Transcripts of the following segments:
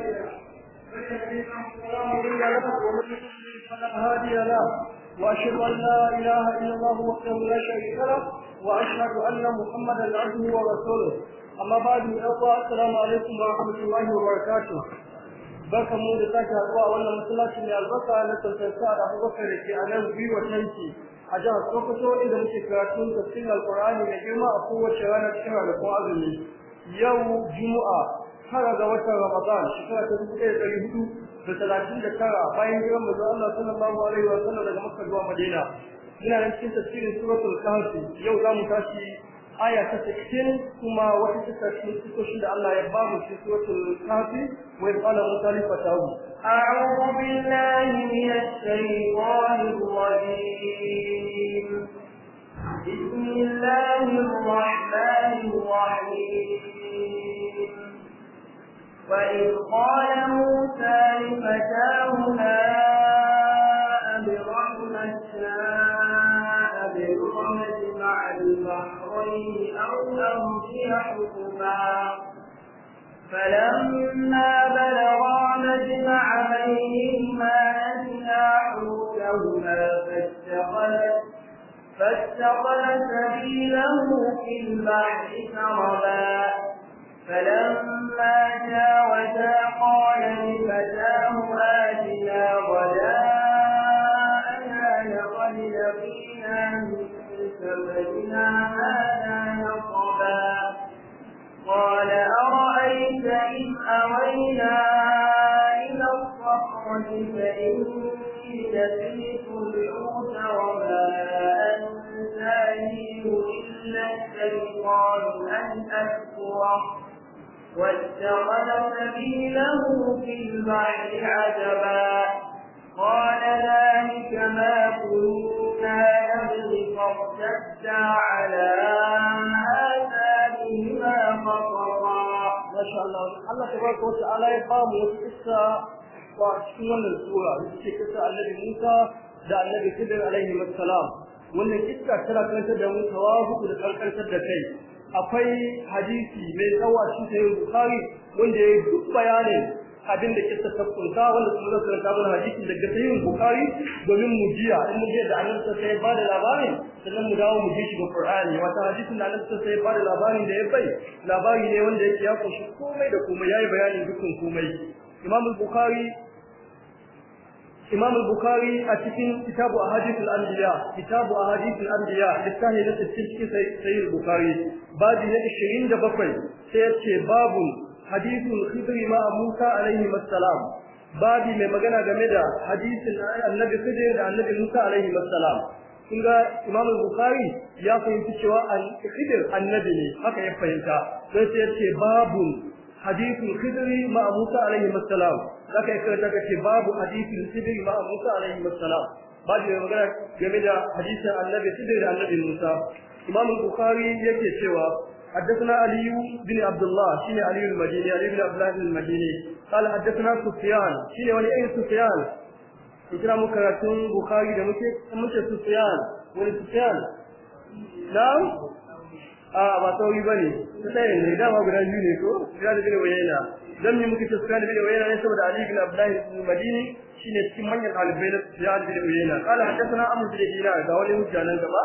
فلا مضل واشهد ان لا اله الا الله وحده لا شريك له واشهد ان محمدا عبده ورسوله amma ba da yawa assalamu alaikum wa rahmatullahi wa barakatuh barka mu da sake haɗuwa wannan masallaci mai albarka na tantance da Abubakar da ke a nan biyu tanki a jihar Sokoto inda muke karatun tafsirin Alƙur'ani mai girma a kowace rana cikin ranakun yau Juma'a tara ga watan Ramadan shekara ta dubu hudu da talatin da tara bayan jiran manzo Allah sallallahu alaihi wa sallam daga Makka zuwa Madina ina nan cikin tafsirin suratul kahfi yau za mu tashi aya ta kuma wata ta tafsirin da Allah ya ba mu cikin suratul kahfi wa qala Musa li a'udhu billahi minash shaytanir rajim بسم الله الرحمن الرحيم وإذ قال موسى لفتاه لا أبرح أشاء بالرمة مع البحرين أو أمشي حكما فلما بلغا مجمع بينهما نسيا حوتهما فاتخذت فاتخذ سبيله في البحر سربا فلما جاوزا قال لفتاه آتنا اتخذ سبيله في البحر عجبا قال ذلك ما كنا نبغي فارتدا على آثارهما خطرا ما شاء الله الله تبارك وتعالى يقام وقصة وعشوان السورة التي قصة النبي موسى da النبي Khidir alaihi wassalam wannan kissa tana karantar da mu tawahu da karkantar akwai hadisi mai tsawa shi sai Bukhari wanda ya duk bayanin abin da kissa ta kunta wanda kuma hadisi da mana hadisi daga sayyid Bukhari domin mu jiya in mujiya da Annabi sai ba da labarin sannan mu dawo mu ji shi ga Qur'ani wata hadisin da Annabi sai ba da labarin da ya bai labari ne wanda yake ya kunshi komai da komai yayi bayanin dukkan komai Imam Bukhari imam al-bukhari a cikin kitabu ahadith al-anbiya kitabu ahadith al-anbiya littafi na cikin sai al-bukhari babu na bakwai sai yace babu hadithul khidr ma musa alaihi assalam babu mai magana game da hadisin annabi khidr da annabi musa alaihi assalam kun ga imam al-bukhari ya fahimci cewa al-khidr annabi ne haka ya fahimta sai yace babu hadithul khidri ma Musa alaihi assalam zaka kai daga ce babu hadithul khidri ma Musa alaihi assalam babu magana game da hadisin annabi khidri da annabi Musa imam bukhari yake cewa حدثنا علي بن عبد الله شين علي المديني علي بن عبد الله المديني قال حدثنا سفيان شين ولي اي سفيان كنا مكرتون بخاري ده مكي مكي سفيان ولي سفيان نعم A'a ba sauri ba bane sai ne da ba guda biyu ne ko da da wayna dan ne muke tsaka da wayna ne saboda Ali bin Abdullahi bin Madini shine cikin manyan talibai na Sufyan ibn Uyayna qala hadathana Amr bin Dinar da wani nan gaba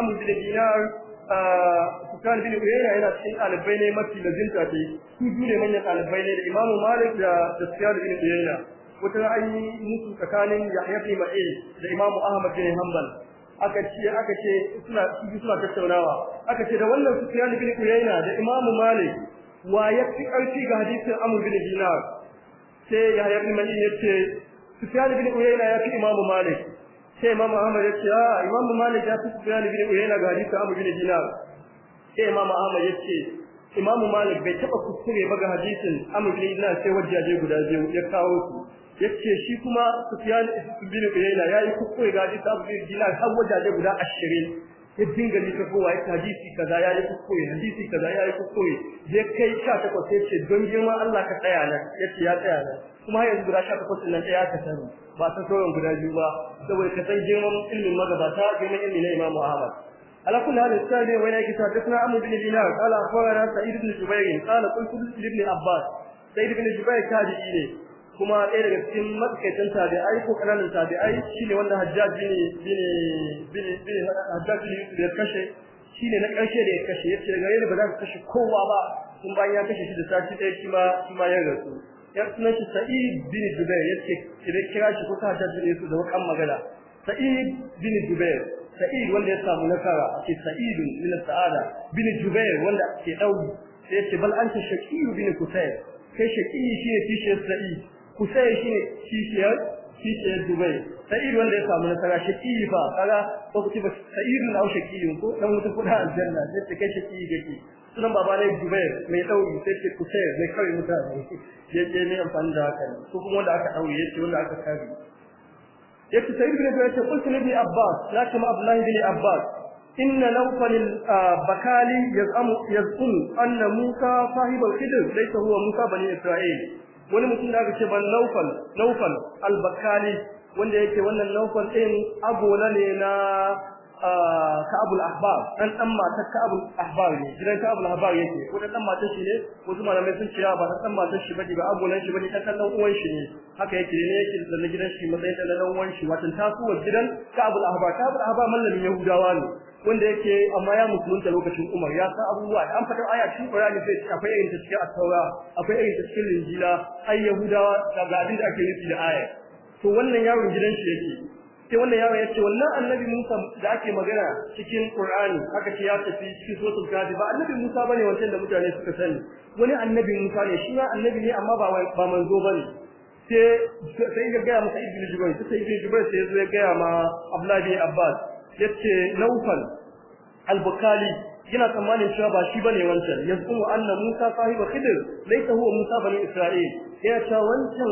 Amr bin Dinar Sufyan bin Uyayna yana cikin talibai ne mafi lazimta ce su ne manyan talibai ne da Imam Malik da Sufyan bin Uyayna wata an yi musu tsakanin Yahya bin Ma'in da Imam Ahmad bin Hanbal aka ce aka ce suna suna tattaunawa aka ce da wannan nufi ku yana da Imam Malik wa ya fi ƙarfi ga hadisin Amr bin Dinar sai ya ibn Malik yace nufi ku yana ya fi Imam Malik sai Imam Ahmad yace ah Imam Malik ya fi nufi ku yana ga hadisin Amr bin Dinar sai Imam Ahmad yace Imam Malik bai taba kuskure ba ga hadisin Amr bin Dinar sai wajaje guda biyu ya kawo su yace shi kuma Sufyan bin Uyayna yayi kuskure ga hadisi Abu Dinar har wajaje guda 20 ya dinga ni ta kowa ita hadisi kaza yayi kuskure hadisi kaza yayi kuskure je kai 18 yace don girman Allah ka tsaya nan yace ya tsaya nan kuma har yanzu guda 18 nan ya kasaru ba san sauran guda biyu ba saboda ka san girman ilmin magabata girman ilmin na Imam Ahmad على كل هذا السابع وين يكتبنا عمرو بن دينار قال أخبرنا سعيد بن جبير قال قلت لابن عباس سعيد بن جبير تاجي إليه kuma ɗaya daga cikin matsakaitan tabi'ai ko ƙananan tabi'ai shine wanda hajjaj bin bin bin hajjaj bin ya kashe Shi ne na ƙarshe da ya kashe ya ce, daga yau ba za ka kashe kowa ba kun bayan ya kashe shi da sati ɗaya shi ma shi ma ya rasu ya sunan shi sa'id bin jubair yace kire kira shi ko hajjaj bin yusuf da wakan magana sa'id bin jubair sa'id wanda ya samu nasara ce sa'id min sa'ada bin jubair wanda ke ya ce, bal an anta shaqi bin kusayr kai shaqi shi ne tishe sa'id sai shi ne kishiyar kishiyar Dubai Sa'id wanda ya samu nasara Shaqi fa kaga ko kuce ba Sa'id na Shaqi ko dan wuta kuda aljanna sai take kai Shaqi gake sunan baba ne Dubai mai dauki sai ce sai mai kawai mutane ya je ne amfani da haka ko kuma wanda aka daure yace wanda aka kare yace Sa'id bin Dubai ce kullu nabi Abbas la kama Abdullah bin Abbas inna lawfal bakali yaz'amu yazqul anna Musa sahibul khidr laysa huwa Musa bani Isra'il wani mutum da aka ce ban naufal naufal albakali wanda yake wannan naufal din abola ne na ka'abul ahbab dan dan matar ka'abul ahbab ne gidan ka'abul ahbab yake ko dan matar shi ne wasu malamai sun ce ba dan matar shi bane ba abulan shi bane ta kallon uwan shi ne haka yake ne yake da gidan shi matsayin da dan uwan shi wato tasuwar gidan ka'abul ahbab ka'abul ahbab mallamin yahudawa ne wanda yake amma ya musulunta lokacin Umar ya san abubuwa an fada aya cikin Qur'ani sai akwai irin ta cikin at-Taura akwai irin ta cikin Injila ai Yahudawa da ga da ake nufi da aya to wannan yawon gidan shi yake sai wannan yaro ya ce wannan annabi Musa da ake magana cikin Qur'ani aka ce ya tafi cikin suratul Kahf ba annabi Musa bane wancan da mutane suka sani wani annabi Musa ne shi ma annabi ne amma ba ba manzo bane sai sai ya ga masa Ibn Jubayr sai Ibn sai ya ga ma Abdullah Abbas yace Nawfal al-Bukhari yana tsammanin cewa ba shi bane wancan yazkumu anna Musa sahiba Khidir laita huwa Musa bani Isra'il yana cewa wancan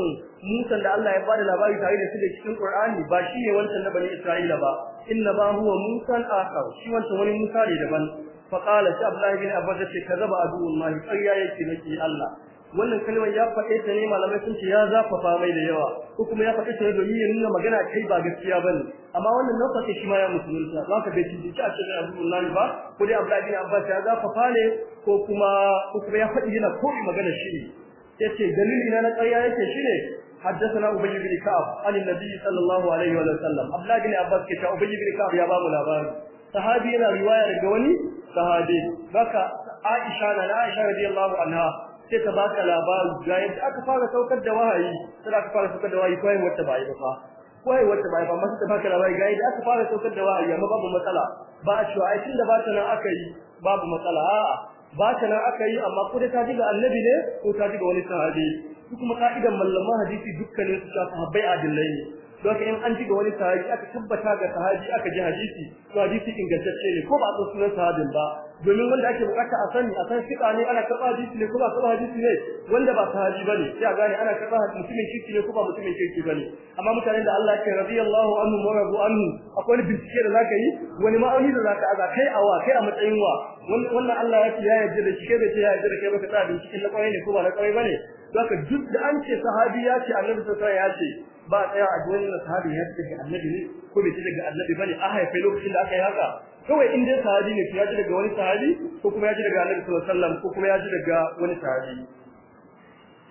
Musa da Allah ya bada labari tare da shi da cikin Qur'ani ba shi ne wancan da bani Isra'ila ba inna ba huwa Musa al-akhar shi wancan wani Musa ne daban فقال عبد الله بن عباس كذب عدو الله قال يا يكي Allah. wannan kalmar ya faɗe ta ne malamai sun ce ya zafafa mai da yawa ko kuma ya faɗe ta ne domin ya nuna magana kai ba gaskiya ba ne amma wannan nau'in shi ma ya musulunta Ba ka bai cinci a cikin abdullahi ba ko dai abdullahi bin abbas ya zafafa ne ko kuma ko kuma ya faɗi yana koyi magana shi ne yace dalili na na ƙarya yake shine حدثنا أبي بن كعب عن النبي صلى الله عليه وسلم عبد الله بن عباس كتاب أبي بن كعب يا باب الأبار صحابي أنا رواية رجوني صحابي بكى عائشة أنا رضي الله عنها sai ka baka labari ga yadda aka fara saukar da wahayi sai aka fara saukar da wahayi kai wata bai ba fa kai wata bai ba sai ka baka labari ga yadda aka fara saukar da wahayi amma babu matsala ba a cewa ai tunda ba ta nan aka yi babu matsala a'a ba ta nan aka yi amma ko da ta ji ga annabi ne ko ta ji ga wani sahabi kuma ka'idan mallaman hadisi dukkanin su ta bai adillai ne don in an ji wani sahabi aka tabbata ga sahabi aka ji hadisi to hadisi ingantacce ne ko ba a sunan sahabin ba domin wanda ake bukata a sani a san fiqa ne ana karba hadisi ne ko ba karba hadisi ne wanda ba ba ne. sai a gane ana karba mutumin kirki ne ko ba mutumin ba ne. amma mutanen da Allah ke ce radiyallahu anhu maradu anhu akwai wani bincike da zaka yi wani ma'auni da zaka aza kai awa kai a matsayin wa wannan Allah ya ce ya yarda da shi kai da ya yarda da kai baka tsaya bincike na kwarai ne ko ba na kwarai bane zaka duk da an ce sahabi ya ce annabi sallallahu alaihi wasallam ya ce ba tsaya a gurin da sahabi ya ce annabi ne ko bai ci daga annabi bane a haife lokacin da aka yi haka kawai in dai sahabi ne ya ji daga wani sahabi ko kuma ya ji daga annabi sallallahu alaihi wasallam ko kuma ya ji daga wani sahabi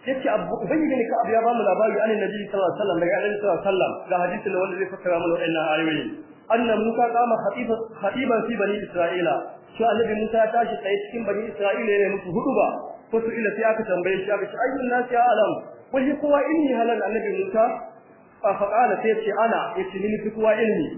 yace abu ubayy ka abu ya ba mu labari an annabi sallallahu alaihi wasallam daga annabi sallallahu alaihi wasallam ga hadisin da wanda zai fassara mana wannan ayoyi anna musa qama khatiban khatiban fi bani isra'ila shi annabi musa ya tashi tsaye cikin bani isra'ila ne musu ba? ko su ila sai aka tambaye shi aka ce ayyun nasi ya alam wani kowa inni halal annabi musa fa faqala sai ce ana itini fi kuwa ilmi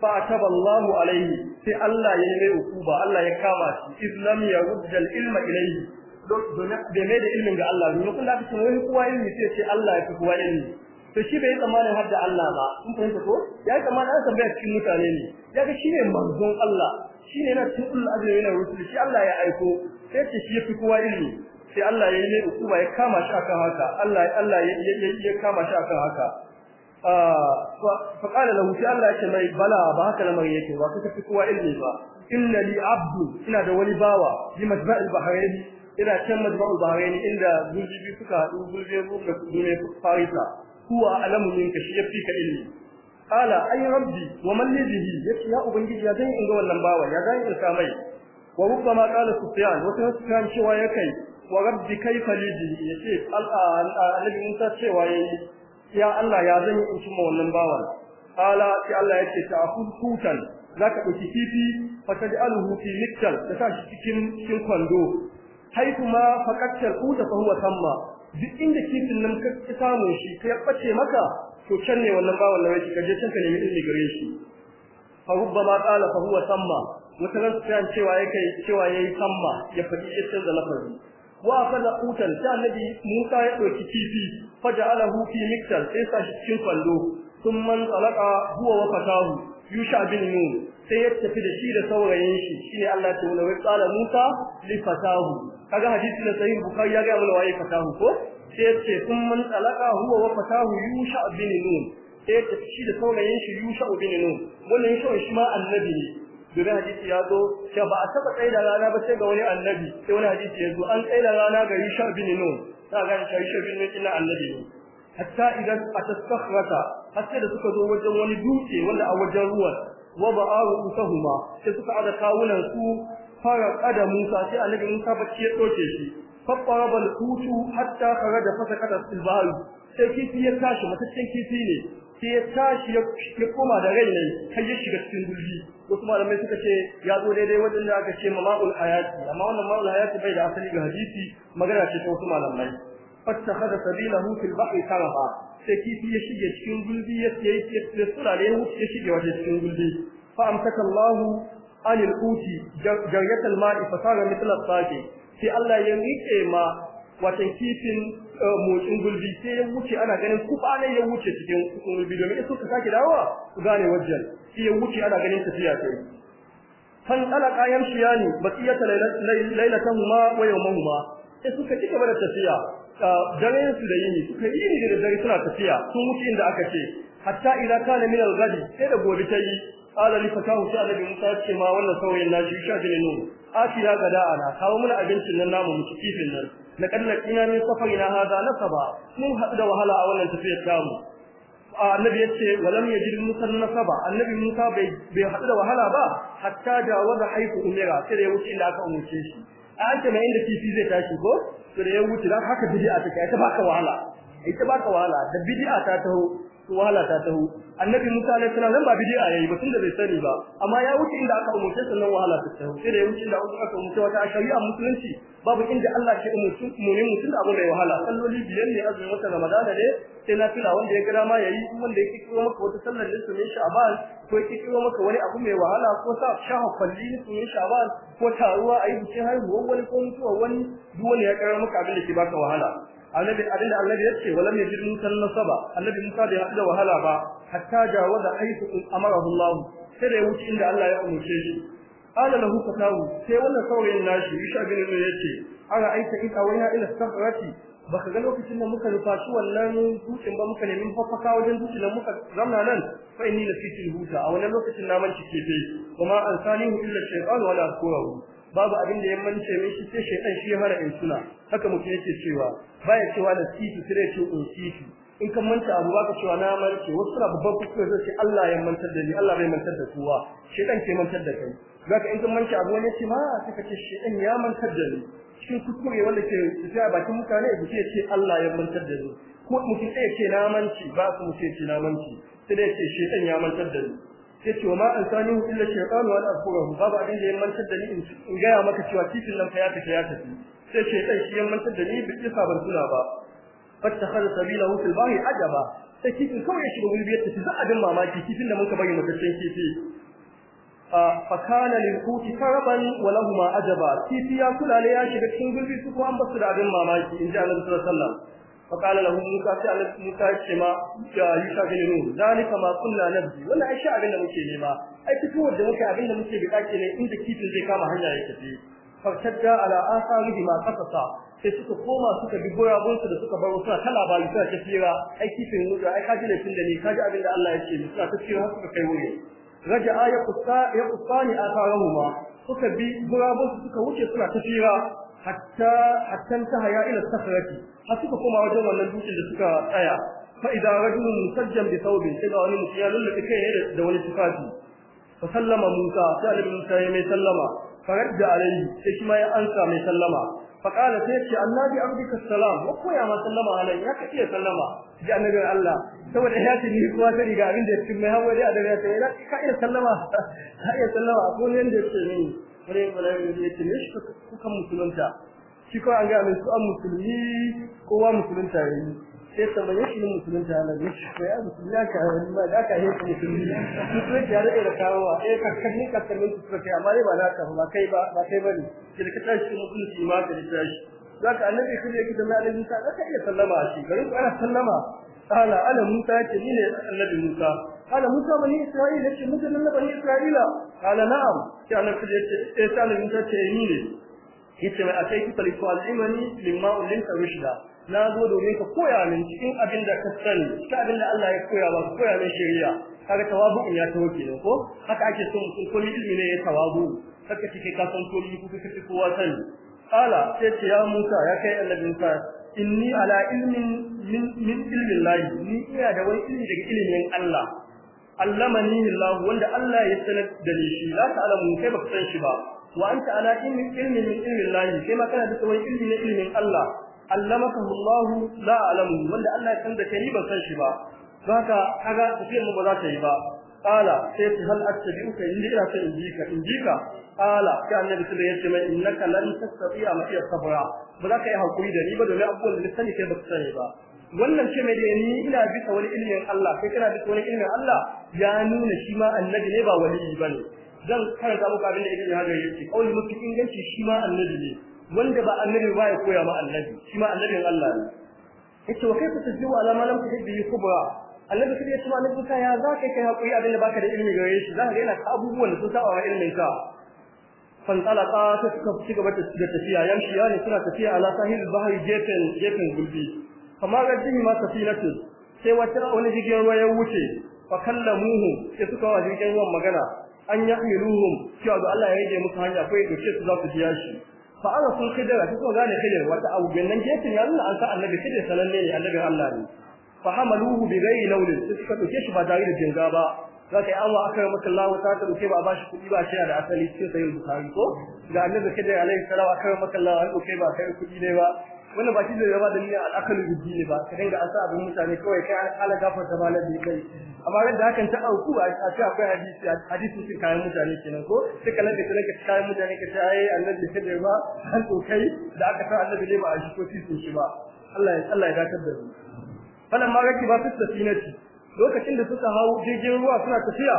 fa taballahu alaihi sai Allah ya yi ba. Allah ya kama shi islam ya wuddal ilma ilaihi don da mai da ilmin ga Allah ne kun da cikin wani kuwa ilmi sai ce Allah ya fi kuwa ilmi to shi bai tsammanin har da Allah ba kun fahimta ko ya tsammanin an tambaya cikin mutane ne ya ga shi ne manzon Allah shi ne na tuul azumi yana rusul shi Allah ya aiko sai ce shi ya fi kuwa ilmi sai Allah ya yi uku hukuma ya kama shi akan haka Allah Allah ya kama shi akan haka fa qala lahu sai Allah ya mai bala ba haka lamarin yake ba kuka fi kowa ilmi ba inna li abdu ina da wani bawa bi majma'il bahrain ina can majma'ul bahrain inda gurbi suka haɗu gurbi buka dune farisa huwa alamu minka shi ka ilmi qala ay rabbi wa man li bihi yace ya ubangiji ya zan inga wannan bawa ya zan in sa mai wa rubbama qala sufyan wa kana sufyan cewa ya kai wa rabbi kai li bihi yace al'annabi Musa cewa yayi ya Allah ya zan yi in cimma wannan bawan kala ki Allah yake ta hutan zaka dauki kifi fataj'aluhu fi miktal ta sa shi cikin cikin kwando hai kuma faqatal kuta fa huwa samma duk inda kifin nan ka samu shi ka bace maka to can ne wannan bawan da yake kaje can ka nemi ilimi gare shi fa rubbama qala fa huwa samma mutalan sai cewa yake cewa yayi samma ya fadi canza da lafazi wa akaza utan ta annabi Musa ya ɗauki kifi fa faja'alahu fi miktal sai sa shi cikin kwando thumma talaqa huwa wa fatahu yusha bin nun sai ya tafi da shi da saurayin shi shine Allah ta wala wai Musa li fatahu kaga hadisi na sahih bukhari ya ga wala wai fatahu ko sai ya ce thumma talaqa huwa wa fatahu yusha bin nun sai ya tafi da saurayin shi yusha bin nun wannan shi ma annabi ne dole hadisi ya zo cewa ba a taba tsaida rana ba sai ga wani annabi sai wani hadisi ya zo an tsaida rana ga Isha bin Nun ta ga Isha bin Nun ina annabi ne hatta idan atastakhrata hatta da suka zo wajen wani dutse wanda a wajen ruwan wa ba'u usahuma sai suka ada kawunan su fara kada Musa sai annabi Musa bacci ya doke shi fabbara bal kutu hatta kharaja fasakata fil sai kifi ya tashi mutaccen kifi ne sai ya tashi ya koma da rai ne har ya shiga cikin gulbi wasu malamai suka ce ya zo daidai wajen aka ce mama'ul hayati amma wannan mama'ul hayati bai da asali ga hadisi magana ce ta wasu malamai fattakhadha sabilahu fil bahri tarafa sai kifi ya shige cikin gulbi ya sai ya tsura ya wuce shige wajen cikin gulbi fa amsaka Allahu anil uti jaryatal ma'i fa sara mithla saqi sai Allah ya rike ma watan kifin Eh, motsin gulbi sai ya wuce ana ganin kufa ne ya wuce cikin gulbi domin ya suka sake dawo su gane wajen sai ya wuce ana ganin tafiya sai fantalaka yamshiyani baqiyata ma wa ma sai suka ci gaba da tafiya eh, dare su da yini suka yi ni da dare suna tafiya sun wuce inda aka ce hatta ila kana min al-ghadi sai da gobe ta yi ala li fatahu sha nabi musa ce ma wannan sauyin nashi sha jinin nu afila gada ana kawo mana abincin nan namu mu kifin nan laqad laqina min safarina hada nasaba mun haɗu da wahala a wannan tafiyar tamu annabi yace walam yajid musan nasaba annabi musa bai bai haɗu da wahala ba hatta da wada haifu umira sai ya wuce inda aka umurce shi aka mai inda kifi zai tashi ko sai ya wuce dan haka bid'a take ita baka wahala ita baka wahala da bid'a ta taho to ta tahu. annabi Musa alaihi salam nan ba bid'a yayi ba da bai sani ba amma ya wuce inda aka umurce sannan wahala ta taho sai da ya wuce inda aka umurce wata shari'a musulunci babu inda Allah ke umurce mu mutum da abin da ya wahala salloli biyan ne azumin wata ramadana ne sai na fila wanda ya kira ma yayi wanda yake kiro maka wata sallar din su ne Sha'ban ko yake kiro maka wani abu mai wahala ko sa shafa kwalli ne su ne Sha'ban ko taruwa ayi bikin haihuwar wani ko mutuwa wani duk wani ya kira maka abin da ke baka wahala annabi abinda annabi yace walam yajid musan nasaba annabi musa bai hada wahala ba hatta jawaza aitu amarahu allah sai da wuce inda allah ya umurce shi qala lahu fatahu sai wannan saurayin nashi isha bin ya yace ara aita ita waina ila sabrati baka ga lokacin da muka nufashi wannan dutsen ba muka nemi fafaka wajen dutsen da muka zamna nan fa inni lafitul huta a wannan lokacin na manci ke dai kuma an salihu illa shaytan wala asqaru babu abin da ya mance mishi sai shaytan shi ya fara insuna suna haka mutum yake cewa baya cewa da sifi sai ce in sifi in kan manta abu baka cewa na marke wasu suna babban kuskure zai ce Allah ya mantar da ni Allah bai mantar da kowa shaytan ke mantar da kai zaka in kan manta abu wani ce ma sai ka ce shaytan ya mantar da ni cikin kuskure wanda ke tsaya bakin mutane da ke ce Allah ya mantar da ni ko mutum ɗaya ce na manci ba su mu ce na manci sai da ce shaytan ya mantar da ni yace wa ma ansani illa shaytan wa la azkurahu babu abin da ya mantar da ni in gaya maka cewa titin nan fa ya tafi ya tafi sai shaytan shi ya mantar da ni bi kisa ban tuna ba fattakhadha sabilahu fil bahri ajaba sai titin kawai ya shiga gulbiyar ta za bin mamaki titin da muka bari mutaccen kifi A fakana lil quti taraban wa lahum ajaba kifi ya kula ne ya shiga cikin gulbi su ko an basu da abin mamaki in ji annabi sallallahu alaihi wasallam فقال له موسى سأل موسى كما يوسف بن نور ذلك ما كنا نبغي ولا أي شيء أبين muke nema ai fitowar da muke abinda da muke bukace ne inda kifin zai kama hanya ya tafi farshadda ala asarihi ma sai suka koma suka bi goyabun da suka bar suna ta labari suna tafira ai kifin mutu ai kaji laifin da ni, kaji abin da Allah ya ce suna tafira har suka kai wuri raja'a ya kusa ya kusani asarahuma suka bi goyabun suka wuce suna tafira hatta hatta haya ila safarati har suka koma wajen wannan dutsen da suka tsaya fa idan rajulun musajjam bi thawbin sai ga wani mutum ya lullube kai da wani tufafi fa sallama Musa sai annabi Musa ya mai sallama radda alayhi sai shi ma ya ansa mai sallama fa qala sai ce annabi abdika salam wa koya ma sallama alayhi ya kace sallama ji annabi Allah saboda ya ce ni kuwa sai ga abin da cikin mai hawaye da ya sai ka iya sallama ka iya sallama ko ne da ce ni bare bare ne ce ne shi kuka musulunta shi ko an ga mai su an musulmi kowa musulunta yayi sai tambaye shi ne musulunta ya lalace shi ko ya musulunta ka amma da ka yi musulmi su sai ya da ira kawowa eh ka kanni ka kanni su kai amma dai ba za ka ba kai ba ba kai bane ki da ka tashi musulunci ma ka tashi zaka annabi kuma yake da annabi sa zaka iya sallama shi garin ku ana sallama qala ana musa ce ni ne annabi musa قال موسى بني إسرائيل يتي موسى من بني إسرائيل قال نعم كان كجيت إسرائيل من تتيني yace mai akai kuka liku al'imani limma ulinka rushda na zo domin ka koya min cikin abin da ka sani cikin abin da Allah ya koya ba koya min shari'a kaga tawabu'un ya tawo kenan ko haka ake so mutum ko ilimi ne ya tawabu haka kike ka san ko ku kowa sani qala sai ce Musa ya kai annabin sa inni ala ilmin ni ina da wani ilmi daga ilimin Allah allamani Allah wanda Allah ya sanar da ni shi la alamu kai baka san shi ba wa anta ala ilmi ilmi min ilmi Allah kai ma kana da tsawon ilmi na ilmin Allah allamaka Allah la a'lamu wanda Allah ya san da kai ban san shi ba haka kaga tafiyar mu ba za ta yi ba qala sai ta hal attabi'uka in ila ta injika ka? qala sai annabi sai ya ce mai innaka lan tastati'a ma iya sabra ba za ka yi hakuri da ni ba domin abubuwan da sani kai baka sani ba wannan ce mai ni ina bisa wani ilimin Allah kai kana bisa wani ilimin Allah ya nuna shi ma annabi ne ba ba bane zan karanta muku abin da ibn Hajar yake kauli muku inganci shi ma annabi ne wanda ba annabi ba ya koya ma annabi shi ma annabin Allah ne yace wa kaifa tajibu ala ma lam tuhib bihi kubra annabi sai ya ce annabi ka ya za kai kai hakuri abin da baka da ilimi gare shi zaka ga yana abubuwan da sun saba wa ilimin ka fantalaka ta suka ci gaba da tafiya yan shi ne suna tafiya ala sahil bahri jefen jefen gulbi kamar jini ma safinatu sai wata wani jirgin ruwa ya wuce fa kallamuhu sai suka wa jirgin ruwan magana an yahmiluhum cewa da Allah ya rage musu hanya kai doke su za su biya shi fa ana sun kidara su so gane kidar wata abu nan gefen ya nuna an sa annabi kidar sananne ne annabi Allah ne fa hamaluhu bi ghairi lawlin suka doke shi ba da da jinga ba za ka yi Allah aka yi maka Allah ta dauke ba a bashi kuɗi ba shi da asali sai sayin Bukhari ko ga annabi kidar alaihi salam aka yi maka Allah an dauke ba kai kuɗi ne ba wannan ba shi da raba da niyyar al'akalin guddi ne ba ka da an sa abin mutane kawai kai ala gafar da malami kai amma yadda hakan ta auku a ce akwai hadisi hadisi sun kayan mutane kenan ko sai kalan da ka kayan mutane ka ta ai annabi ka da ba an ko kai da aka sa annabi ne ba a shi ko sun shi ba Allah ya Allah ya dakar da mu falan ma ba su lokacin da suka hawo jirgin ruwa suna tafiya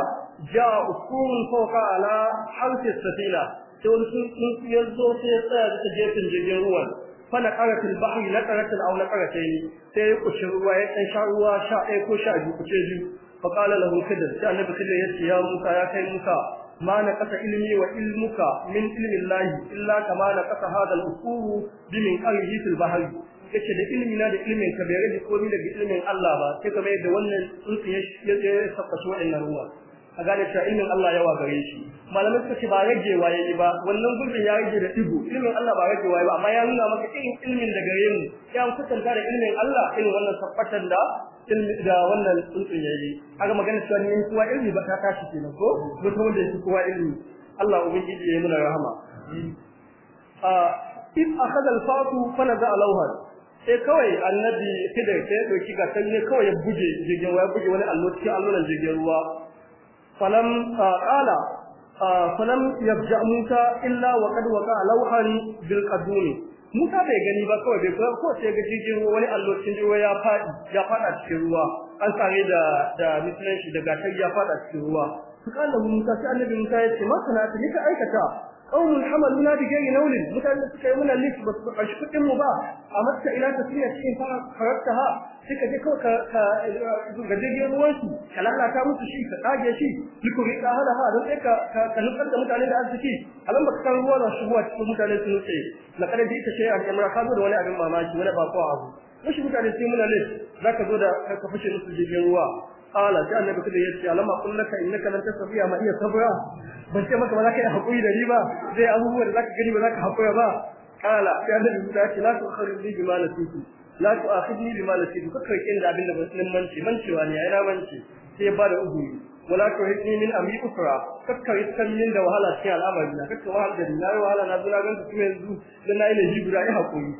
ja ukun fawqa ala hawti safina to sun sun zo sai ya tsaya ta jirgin ruwan fala qarat bahari bahri la auna aw la qaratayn sai ya kushi ruwa ya dan sha ruwa sha ɗaya ko sha biyu kuce biyu fa qala lahu khidr sai annabi khidr ya ce ya muka ya kai muka. ma na kasa ilmi wa ilmuka min ilmillahi illa kama na kasa hada al-usuru bi min qalbi fil bahri da ilmi na da ilmin ka bai rage komai daga ilmin Allah ba sai kamar yadda wannan tsuntsu ya saka shi wa'annan ruwa a gane cewa ilimin Allah yawa gare shi malamin suka ce ba ragewa yayi ba wannan gurbin ya rage da digo ilmin Allah ba ragewa yayi ba amma ya nuna maka irin ilmin da gare mu ya kusanta da ilmin Allah irin wannan tabbatan da da wannan tsuntsun yayi kaga magana cewa ni kuwa ilmi ba ta tashi kenan ko mutum da yake kuwa ilmi Allah ubangiji yayi mana rahama a in akhadha al-fatu fa al-awhad sai kawai annabi kidar sai ya ga gasan ne kawai ya buje jirgin ruwa ya buje wani allo cikin allunan jirgin ruwa falam qala falam yabja Musa illa wa qad waqa lawhan bil qaduni Musa bai gani ba kawai bai ko sai ga cikin wani allo cikin ya fadi ya fada cikin ruwa an sare da da shi daga kai ya fada cikin ruwa su kalla Musa sai annabi Musa ya ce maka na ta nika aikata qaumun hamaluna bi gairi naulin mutanen suka yi muna list ba su kashi kudin mu ba a matta ila tafiya cikin fararta ha suka je kawai ka ga jirgin ruwan ka lalata musu shi ka tsage shi liku rika hada ha don sai ka ka nufar mutane da arziki a nan baka san ruwa na shigowa cikin mutane sun nutse na kada ji ita ce a kamar ka zo da wani abin mamaki wani bako abu wasu mutane sai muna list za ka zo da ka fashe musu jirgin ruwa qala sai annabi sai ya ce alama kullaka innaka lan tasbiya ma iya sabra ban ce maka ba za ka yi hakuri da riba zai abubuwan da za ka gani ba za ka hakura ba qala sai annabi ya ce la tukhrijni bima nasitu la tu'akhidni bima nasitu kakkai inda abin da ban manci mancewa ne ai na manci sai ya bada uzuri wala tuhidni min amri ukra kakka yitsamin da wahala cikin al'amari na kakka wahala da na wahala na zura ganka kuma yanzu dan na ila jibra ai hakuri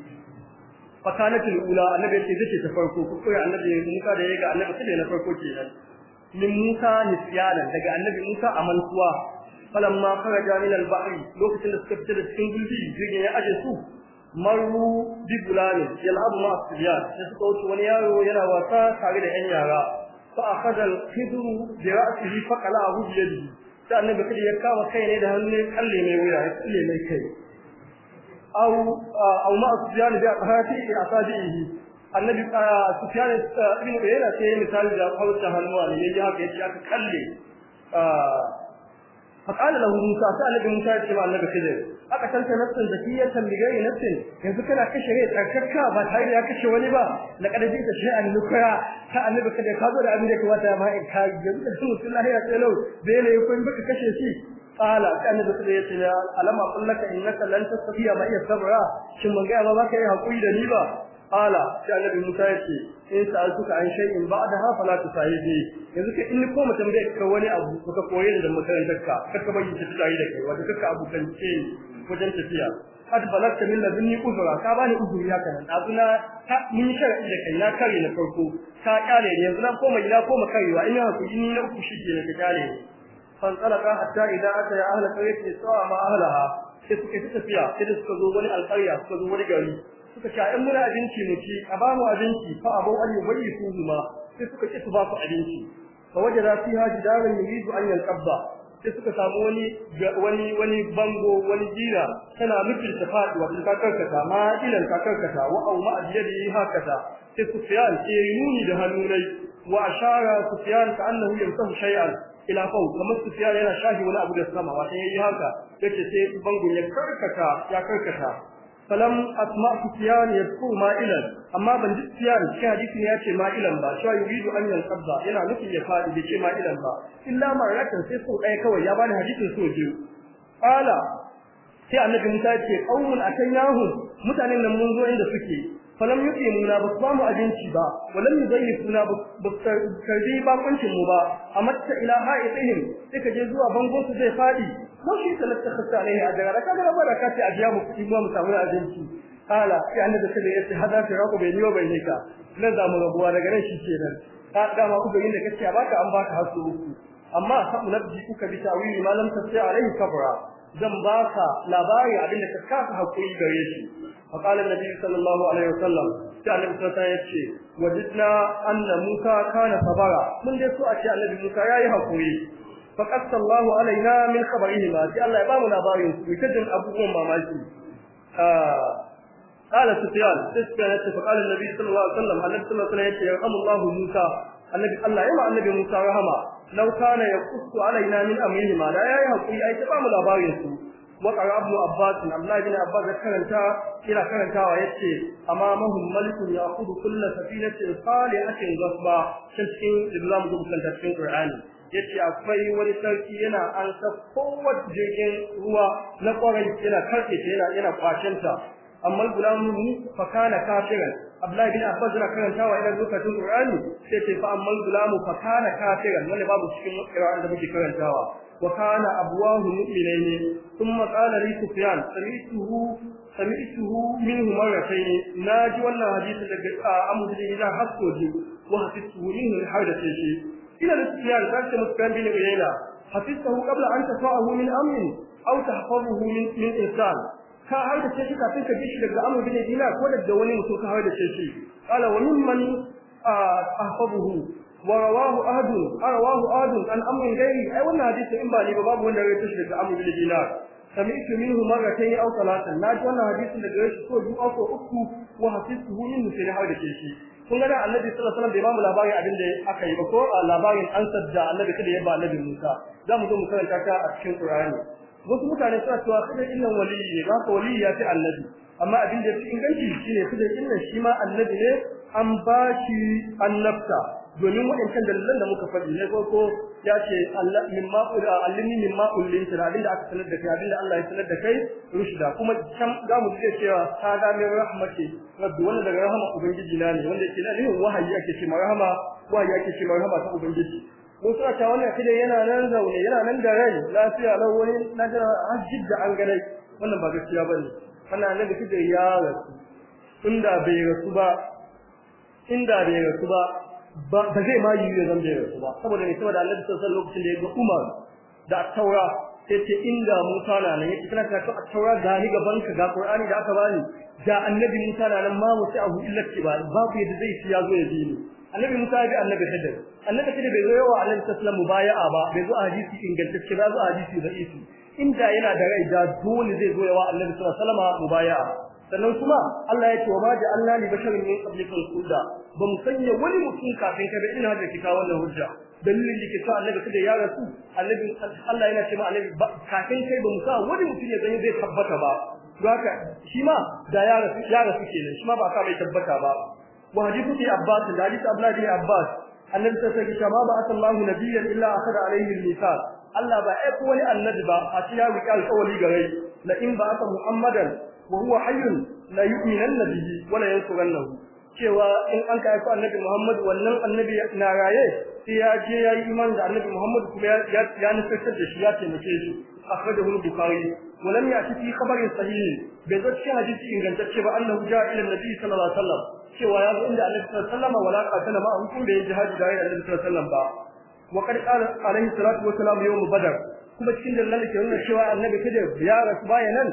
fakanatul ula annabi yace zace ta farko ku koyi annabi Musa da yaga annabi sai na farko ce nan min Musa nisyanan daga annabi Musa a mantuwa. falamma kharaja min al-bahri lokacin da suka fita da cikin gulbi jirgin ya aje su maru dibulani ya yal'abu ma asbiyan sai suka wuce wani yaro yana wasa tare da yan yara fa akhadha al-khidr bi ra'sihi fa qala'ahu bi yadihi sai annabi kada ya kama kai ne da hannu ne kalle mai wuya ya kalle mai kai أو أو ما asyan بأقهاتي aqhati asabihi annabi sufyan ibn uyayna sai misali da kawta hannu ne yayi haka yace فقال له موسى سأل ابن موسى يتبع النبي كذب أقتلت نفسا ذكية لغير نفس ينزل كنا كشري ترككا بطير يا كشي ولبا لقد جئت شيئا نكرا فالنبي كذب خاضر أمريك واتا ما إكاي يبدأ رسول الله يسألو بيلا يكون بك كشي شيء qala kana da sai yace alama kullaka innaka lan tasbiya ma iya sabra shin mun ga ba baka yi hakuri da ni ba qala sai annabi Musa yace in sa'altuka an shay'in ba'daha fala tusahibi yanzu ka in ko mu tambaye ka wani abu ka koyi da makarantarka kaka bayyana ta tsayi da kai wato kaka abu kan ce wajen tafiya kad balagta min ladunni uzra ka bani uzuri haka nan azuna mun yi sharadi da kai na kare na farko ka kare ne yanzu na koma gida koma karewa in ya hakuri ni na uku shi ke na kare fantalaka hatta idan aka ya ahla qaryati sa'a ma sai suka yi tafiya sai suka zo wani alƙarya suka zo wani gari suka ce in muna abinci mu ci a bamu abinci fa abau an yubayyi kuma sai suka ce su ba su abinci fa wajada fiha jidaran yuridu an yanqabba sai suka samu wani wani wani bango wani jira tana nufin ta fadi wa ta karkata ma ilan ta wa au ma ajiyadi hakata sai su sai nuni da hannunai wa ashara sufyan ka annahu yamsahu shay'an ila fau kamar su fiya yana shahi wani abu da sama ya yayi haka yace sai bango ya karkata ya karkata falam asma sufyan ma ma'ilan amma ban ji sufyan shi hadisin ya ce ma'ilan ba shi yuridu an yanqadda yana nufin ya fadi bai ce ma'ilan ba illa marratan sai so ɗaya kawai ya bani hadisin so biyu qala sai annabi Musa ya ce yahu mutanen nan mun zo inda suke falam yuqimuna ba su mu abinci ba walam yuzayyifuna ba karbi ba mu ba amatta ila ha'itihim suka je zuwa bangon su zai faɗi ko shi talatta khasta alaihi ajra kaga rabar ka ce abiya mu kuɗi, mu samu abinci kala sai annabi sai ya ce hada fi bai bayni bai bainaka nan za mu rabuwa daga nan shi kenan ka dama ku bayin da kace baka an baka hasu uku amma sabu nabji kuka bi tawili ma sai tasai alaihi kabra zan baka labari abinda ka kasa hakuri gare shi فقال النبي صلى الله عليه وسلم sai annabi sallallahu alaihi yace wajidna anna musa kana sabara mun dai so a ce annabi musa yayi hakuri fa qasallahu alaina min khabarihima sai Allah ya bamu labarin su abubuwan mamaki قال سفيان سفيان فقال النبي صلى الله عليه وسلم النبي صلى الله عليه وسلم الله موسى النبي الله يما النبي موسى رحمه لو كان يقص علينا من امرهما لا يا يحقي اي تبا mu labarin وقع ابن عباس Abbas الله بن karanta كرنتا yace ya mahum malikun ملك ياخذ كل سفينه صالحه غصبا cikin Islam da bukantar cikin Qur'ani yace akwai wani sarki yana an kowace jirgin ruwa na kwarai yana karke yana yana kwashenta amma gulamu fa kana kafiran Abdullahi bin Abbas na karantawa idan lokacin Qur'ani sai ce fa amma gulamu fa kana kafiran wani babu cikin Qur'ani da muke karantawa وكان أبواه مؤمنين ثم قال لي سفيان سمعته سمعته منه مرتين ناجي ولا حديث لك أمر إذا حسوه وحفظته منه لحاجة شيء إلى سفيان قال سفيان بن عيينة حفظته قبل أن تفعه من أمر أو تحفظه من, من إنسان ka haddace shi kafin ka ji shi daga Amr bin Dinar ko daga wani mutum ka haddace shi qala wa mimman ahfabuhu ورواه أحد رواه أحد عن أمر wannan hadisi in ba ne ba babu wanda ya tashi daga Amr bin Dinar sami'tu minhu marratayn aw salatan naji wannan hadisin daga shi ko duk ko uku wa hafiztuhu min sai har da shi kun ga Annabi sallallahu alaihi wasallam bai ba mu labarin abin da aka yi ba ko labarin an da Annabi kada ya ba Annabi Musa za mu zo mu karanta ta a cikin Qur'ani wasu mutane suna cewa kada illan wali ne ba ya fi Annabi amma abin da ya fi inganci shine kada illan shi ma Annabi ne an ba shi annabta domin waɗancan dalilan da muka faɗi na farko ya ce Allah min qura allimni mimma ullinta abinda aka sanar da kai abinda Allah ya sanar da kai rushda kuma can za mu ce cewa ta ga min rahmati rabbi wannan daga rahama ubangiji na ne wanda yake nan wahayi ake ce rahama wahayi ake ce rahama ta ubangiji Musa suna cewa wannan kide yana nan zaune yana nan da rai lafiya lau wani na ga hajjid da an gane wannan ba gaskiya bane ana nan da kike ya rasu inda bai rasu ba inda bai rasu ba ba zai ma yi ya zama da yarsu ba saboda ne saboda Allah ta san lokacin da ya ga Umar da Taura sai ce inda Musa na nan yace kana ta Taura ga ni gaban ka ga Qur'ani da aka bani da Annabi Musa na nan ma mu sai abu illa ce ba ku yadda zai ci ya zo ya bi ni Annabi Musa ya bi Annabi Khidir Annabi Khidir bai zo yawa ta sallallahu mubaya'a ba bai zo a hadisi ingantacce ba zo a hadisi da isi inda yana da rai da dole zai zo yawa Annabi sallallahu alaihi mubaya'a sannan kuma Allah ya ce wa ma ja'alna li basharin min qablika al-khulda ba mu sanya wani mutum kafin ka ba ina da kika wannan hujja dalilin da ke sa annabi kada ya rasu annabi Allah yana ce ma annabi kafin kai ba mu sa wani mutum ya zanyi zai tabbata ba haka shi ma da ya rasu ya rasu kenan shi ma ba ka bai tabbata ba wa hadithu bi Abbas da hadithu Abdullah Abbas annabi sai ya ce ma ba atallahu nabiyyan illa akhadha alayhi al-mithaq Allah ba aiko wani annabi ba a cikin alƙawari gare la in ba aka Muhammadan wa na hayyun la yu'minanna bihi wa la yansurannahu cewa in an kai ku annabi Muhammad wannan annabi na raye sai ya je ya yi iman da annabi Muhammad kuma ya ya nufatar da shi ya taimake shi akhrajahu al-bukhari wa lam ya'ti fi khabarin sahih bai zo cikin hadisi ingantacce ba annahu cewa ya zo inda annabi sallallahu alaihi wasallam wala qatala ma hukum bai jihad da annabi sallallahu alaihi wasallam ba wa qad qala alaihi salatu wa yawm kuma cikin dalilan da ke nuna cewa annabi kada ya rasu bayanan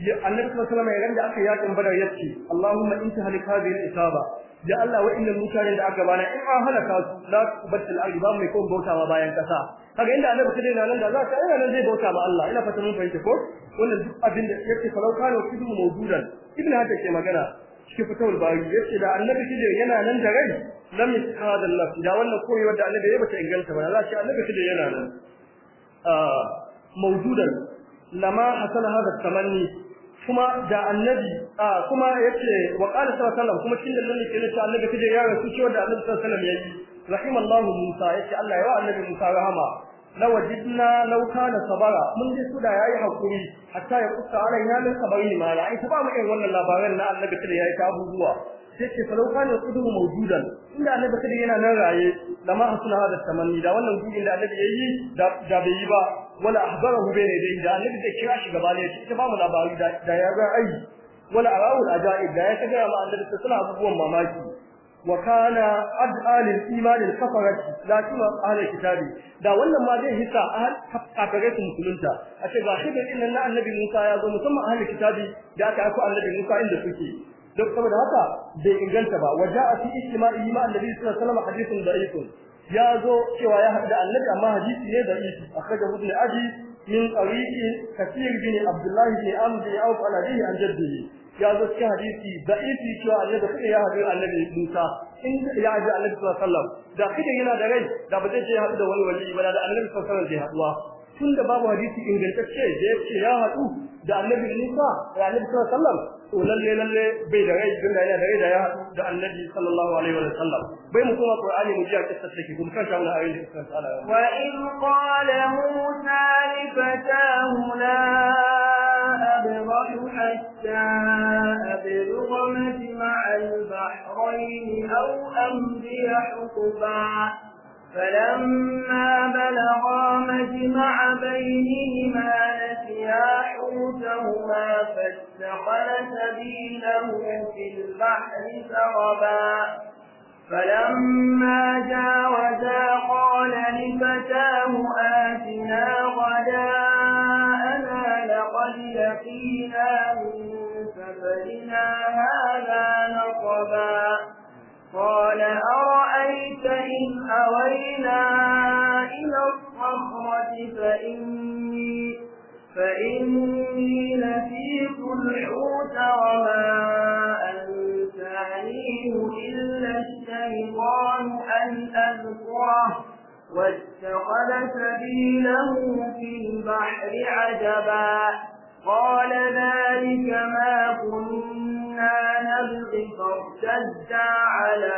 annabi sallallahu alaihi wasallam ya randa aka yakin badar yace Allahumma inta halik hadhihi al-isaba ya Allah wa'innan mutanen da aka bana in an halaka su la tubatil ardi ba mai kon bautawa bayan kasa kaga inda annabi kadai na nan da za ka yi nan zai bauta ba Allah ina fata mun fahimta ko wannan duk abin da yake falau kana kudu mawjudan ibn hada ke magana shi fitawul bari yace da annabi kide yana nan da rai lam yashhad Allah da wannan koyi wanda annabi ya bata inganta ba za shi annabi kide yana nan a ah, mawjudan lama hasala hada tamanni kuma da annabi a kuma yace wa qala sallallahu alaihi kuma cikin dalilin ke nace annabi ya rasu cewa da annabi sallallahu alaihi yayi rahimallahu musa yace Allah ya wa annabi musa rahama lawajidna law kana sabara mun ji su da yayi hakuri hatta ya kusa alaina min sabari ma la ai ba mu irin wannan labarin na annabi kaje yayi ta abubuwa yace falau kana kudu mawjudan inda annabi kaje yana nan raye lama hasuna hada tamanni da wannan gudin da annabi yayi da bai yi ba wala ahbarahu bayna yadayhi da annabi zai kira gaba ne shi ba mu labari da ya ga ai wala arawul ajaib da ya kaga ma annabi sallallahu alaihi abubuwan mamaki Wakana kana ad'a lil iman al kafarati la tuma ahli kitabi da wannan ma zai hisa ahli kafarai su musulunta a ce ga shi da innan annabi Musa ya zo musamman ahli kitabi da aka aiko annabi Musa inda suke duk saboda haka bai inganta ba waja'a fi ijtima'i ma annabi sallallahu alaihi wasallam hadithun da'ifun ya zo cewa ya haɗu da annabi amma hadisi ne da isi akhraja ibn abi min tariqi kathir bin abdullah bin amr bin auf an abihi an jaddihi ya zo cikin hadisi da isi cewa annabi kada ya haɗu da annabi Musa in ya ji annabi sallallahu da kida yana da rai da ba zai je haɗu da wani wali ba da annabi sallallahu alaihi wasallam zai haɗuwa tunda babu hadisi ingantacce da yake ya haɗu da annabi Musa da annabi sallallahu to lalle lalle bai da rai tunda yana da rai da ya haɗu da annabi sallallahu alaihi wa sallam bai mu koma qur'ani mu ji a kissa take kuma kan shawo ayoyin da suka tsala wa in qala musa li fatahu la abrahu hatta abrugha majma'a al-bahrayn aw amdi hukma فلما بلغا مجمع بينهما نسيا حوتهما فاتخذ سبيله في البحر سربا فلما جاوزا قال لفتاه آتنا غداءنا لقد لقينا من سفرنا هذا نصبا قال أرأيت إن أوينا إلى الصخرة فإني, فإني نسيت الحوت وما أنسانيه إلا الشيطان أن أذكره واتخذ سبيله في البحر عجبا قال ذلك ما كنا نبغي فارتدا على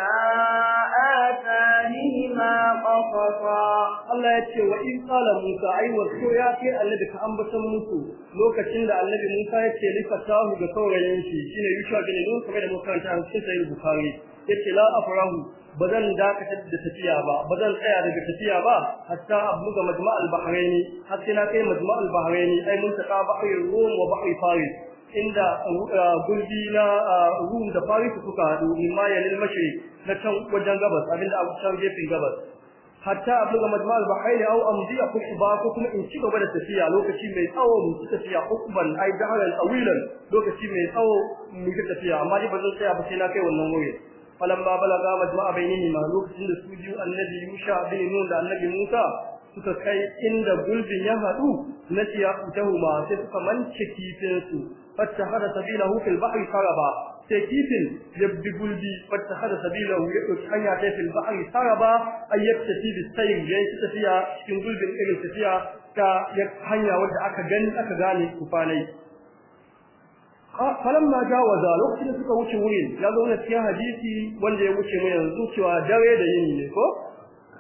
آتانهما قصصا الله يكفي وإن قال موسى أي وارسو ياتي الذي كأنبس موسى لو كتند الذي موسى يتشي لفتاه بطور الانشي إنه يشاكل نور فقد مكانت عن سنة البخاري yace la afrahu bazan dakatar da tafiya ba bazan tsaya daga tafiya ba hatta abluga majma'al bahraini hatta na kai majma'al bahraini ai mun taka bahri rum wa bahri faris inda uh, gulbi na uh, rum da faris suka hadu ya yalil mashriq na can wajen gabas abinda a can gefen gabas hatta abluga majma'al bahraini aw amdi akul ba ko kuma in ci gaba da tafiya lokaci mai tsawo mu ci tafiya ukban ai dahran tawilan lokaci mai tsawo mu ci tafiya amma dai bazan tsaya ba sai na kai wannan wurin falamma balaga majma'a bainihima lokacin da su biyu annabi Yusha bin Nun da annabi Musa suka kai inda gulbin ya haɗu na siya utahuma sai suka mance kifinsu fatta hada sabilahu fil bahri saraba sai kifin ya bi gulbi hada sabilahu ya ɗauki hanya ta fil bahri saraba ayyata fi bi sayyid ya yi tafiya cikin gulbin irin tafiya ta hanya wadda aka gani aka gane kufanai falamma jawaza lokacin da suka wuce wurin ya zo na cikin hadisi wanda ya wuce mu yanzu cewa dare da yini ne ko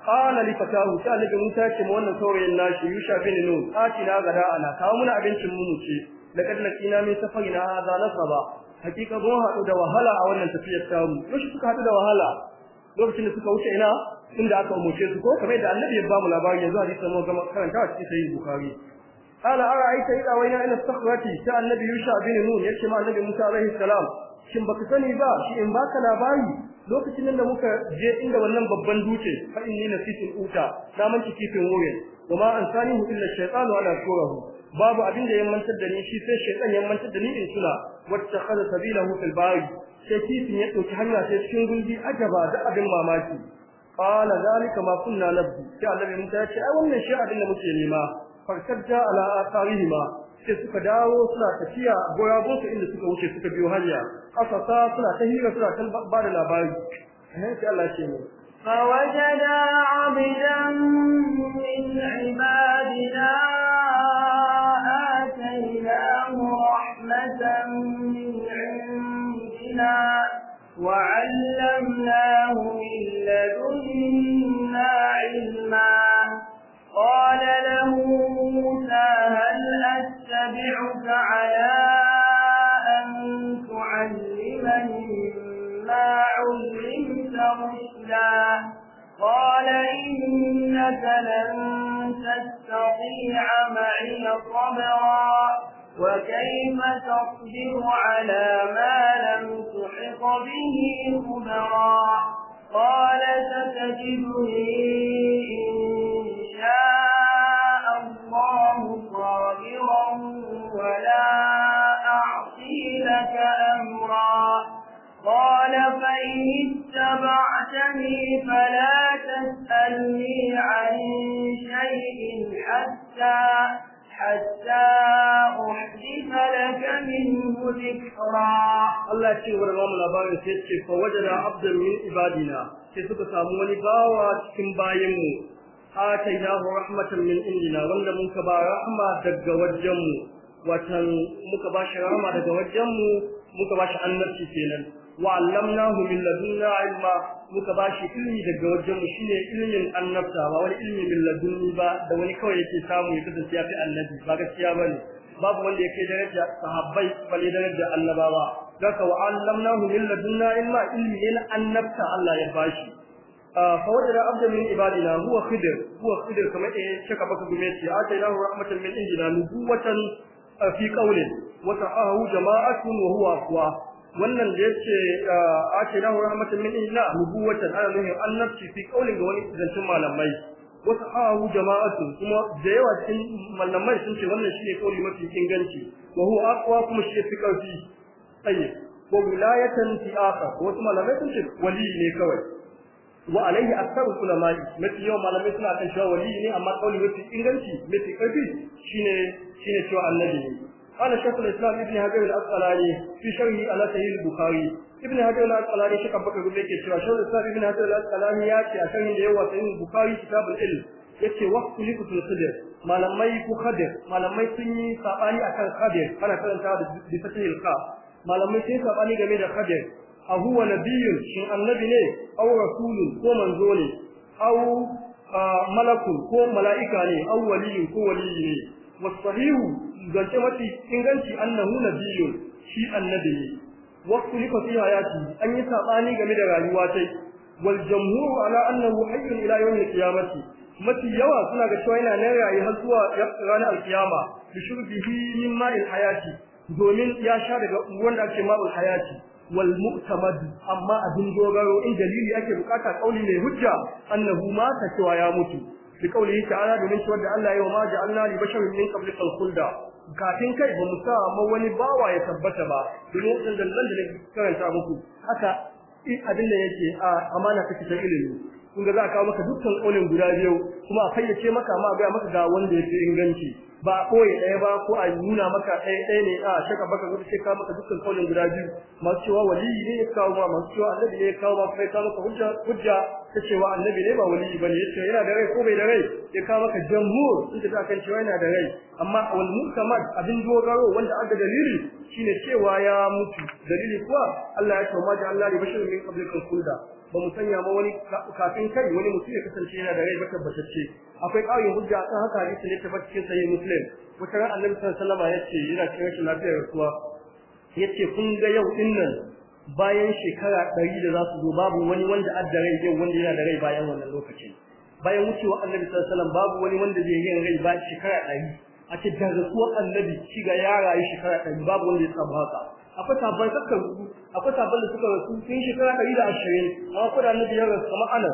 qala li fatahu ta daga mun tace mu wannan saurayin nashi yusha bin nun atina gada ana kawo muna abincin mu mu ce safari lakina min safarina hadha nasaba hakika mun haɗu da wahala a wannan tafiyar tamu yusha suka haɗu da wahala lokacin da suka wuce ina inda aka umurce su ko kamar da annabi ya ba mu labari yanzu hadisin mu ga karanta a cikin sahih bukhari ala ara'aita idza wayna ila sakhwati ta annabi yusha bin nun yace ma annabi musa alaihi salam shin baka sani ba shi in baka labari lokacin da muka je inda wannan babban dutse fa inni nasitul uta na manci kifin wuyan kuma an sani hu illa shaytanu ala shurahu babu abin da ya mantar da ni shi sai shaytan ya mantar da ni in suna. wacce khada sabilahu fil bari sai kifin ya dauki hanya sai cikin gulbi ajaba da abin mamaki qala zalika ma kunna nabbi sai annabi Musa ya ce ai wannan shi abin da muke nema farkadda ala asarihima sai suka dawo suna tafiya goya gosu inda suka wuce suka biyo hanya asasa suna ta hira suna ta ba da labari sai Allah ya ce mu فوجدا عبدا من عبادنا آتيناه رحمة من عندنا وعلمناه من لدنا علما قال له أتبعك على أن تعلمني مما علمت رشدا قال إنك لن تستطيع معي صبرا وكيف تصبر على ما لم تحط به خبرا قال ستجدني إن شاء الله ولا أعصي لك أمرا قال فإن اتبعتني فلا تسألني عن شيء حتى حتى أحدث لك منه ذكرا الله يكي ورغم الأبار سيتك فوجد عبدا من عبادنا سيتك ساموني باوا تكن بايمو آتيناه رحمة من عندنا وند منك با رحمة دق وجمو watan muka ba shi rahama daga wajen mu muka ba shi annabci kenan wa allamnahu min ladunna ilma muka ba shi ilmi daga wajenmu mu shine ilmin annabta ba wani ilmi min ladunni ba da wani kawai yake samu ya kasance ya fi annabi ba gaskiya bane babu wanda yake daraja sahabbai bale daraja annabawa daga wa allamnahu min ladunna ilma ilmi ne na annabta Allah ya bashi فوجد عبدا من عبادنا هو خدر هو خدر كما شكا بك بميتي آتيناه رحمة من عندنا نبوة fi qawlin wa sahahu jama'atun wa huwa aqwa wannan da yace akhidahu rahmatan min illa nubuwatan ana nufin annabci fi qawlin ga wani zancin malamai wa sahahu jama'atun kuma da yawa cikin malamai sun ce wannan shine kauli mafi inganci wa huwa aqwa kuma shi fi karfi tayyib ko wilayatan fi akhar wasu malamai sun ce wali ne kawai wa alaihi aktsaru ulamai mafi yawan malamai suna kan cewa wali ne amma kauli mafi inganci mafi karfi shine shine cewa annabi ne قال شيخ الاسلام ابن هجر الاسقلاني في شرحه على صحيح البخاري ابن هجر الاسقلاني شيخ ابو بكر yake cewa شيخ الاسلام ابن هجر الاسقلاني ya ce a yi da yawa sahih bukhari kitabul ilm yace waqtu likutul qadr malamai ku qadr malamai sun yi sabani akan qadr ana karanta da bisatil ka malamai sun sabani game da qadr ahuwa huwa nabiyyun shin annabi ne aw rasulun ko manzo ne aw malakun ko mala'ika ne aw waliyun ko waliyi ne wasahihu zance mati, inganci annahu nabiyyun shi annabi ne waqtu lifa fi hayati an yi sabani game da rayuwa tai wal jamhuru ala annahu hayyun ila yawm qiyamati mafi yawa suna ga cewa yana nan rayu har zuwa ranar al-qiyama bi shurbihi min ma'il hayati domin ya sha daga wanda ake ma'ul hayati wal amma abin dogaro in dalili ake bukata kauli mai hujja annahu ma ta cewa ya mutu bi kauli ta'ala domin cewa da Allah yau ma ja'alna li basharin min qablikal khulda kafin kai ba mu sa ma wani bawa ya tabbata ba domin wannan dalilan da nake karanta muku haka in abin da yake a amana kake ta ilimi kun ga za a kawo maka dukkan kaulin guda biyu kuma a fayyace maka ma gaya maka ga wanda yake inganci ba a koyi ɗaya ba ko a nuna maka ɗaya ɗaya ne a shaka baka gudu sai ka maka dukkan kaulin guda biyu masu cewa waliyi ne ya kawo ma masu cewa annabi ne ya kawo ma sai kawo maka hujja hujja ta cewa annabi ne ba waliyi bane ya ce yana da rai ko bai da rai ya kawo maka jamhur sun tafi akan cewa yana da rai amma wal mukamad abin dogaro wanda aka dalili shine cewa ya mutu dalili kuwa Allah ya ce ma Allah li bashirin min qablikum khulda ba mu sanya ma wani kafin kai wani mutum ya kasance yana da rai ba tabbatacce akwai ƙarin hujja a kan haka hadisi ne tabbata cikin yi muslim wata ran annabi sallallahu alaihi wasallam ce yana cikin rashin lafiyar rasuwa ce kun ga yau din nan bayan shekara ɗari da za su zo babu wani wanda adda rai yau wanda yana da rai bayan wannan lokacin bayan wucewa annabi sallallahu alaihi wasallam babu wani wanda zai yin rai ba shekara ɗari a ce da rasuwar annabi shi ga ya rayu shekara ɗari babu wanda ya samu haka akwai tabbatar akwai sabon da suka rasu sun shekara dari da ashirin amma kuda na biyar rasu kamar